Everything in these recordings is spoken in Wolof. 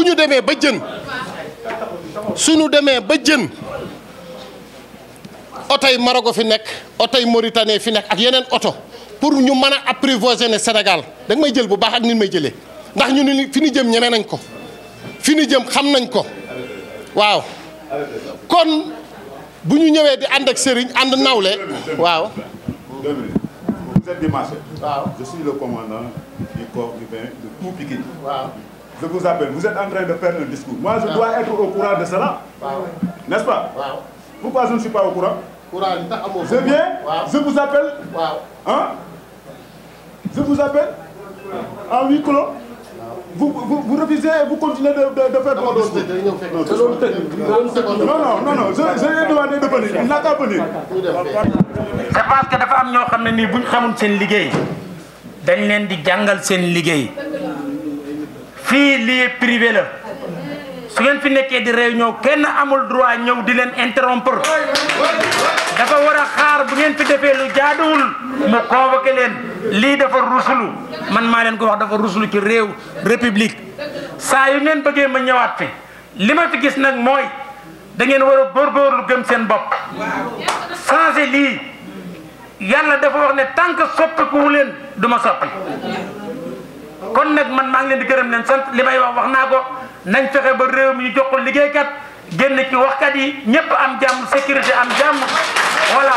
bu ñu demee ba jën suñu demee ba jën oto yi Maroc fi nekk oto yi Mauritanie fi nekk ak yeneen oto pour ñu mën a approvisionner Sénégal da nga may jël bu baax ak ni may jële ndax ñu ni fi ñu jëm ñeme nañ ko fi ñu jëm xam nañ ko waaw kon bu ñu ñëwee di ànd ak sëriñ ànd nawle waaw waaw je waaw je vous appelle vous êtes en de faire un discours. moi je dois être au courant de cela. waaw n'est-ce pas. waaw pourquoi je ne suis pas au courant. je viens je vous appelle. waaw je vous appelle. en huis clos. vous vous vous refusez et de de de faire. non non non non je je lui ai de venir il n'a qu'à venir. c'est parce que dafa am ñoo xam ne nii bu ñu xamul seen liggéey dañ leen di jàngal seen liggéey. fii lii privé la su ngeen fi nekkee di réunion kenn amul droit ñëw di leen interrompre dafa war a xaar bu ngeen fi defee lu jaaduwul mu convoqué leen lii dafa ruslu man maa leen ko wax dafa ruslu ci réew république saa yu ngeen bëggee ma ñëwaat fi li ma fi gis nag mooy da ngeen war a góorgóorlu gëm seen bopp changé lii yàlla dafa wax ne tant que soppiku leen du ma soppi kon nag man maa ngi leen di gërëm leen sant li may wax wax naa ko nañ fexe ba réew mi ñu jox ko liggéeykat ki wax waxkat yi ñëpp am jàmm sécurité am jàmm voilà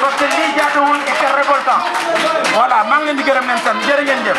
parce que lii jaatuwul et c'est révoltant voilà maa ngi leen di gërëm leen sant jërë ngeen jëf.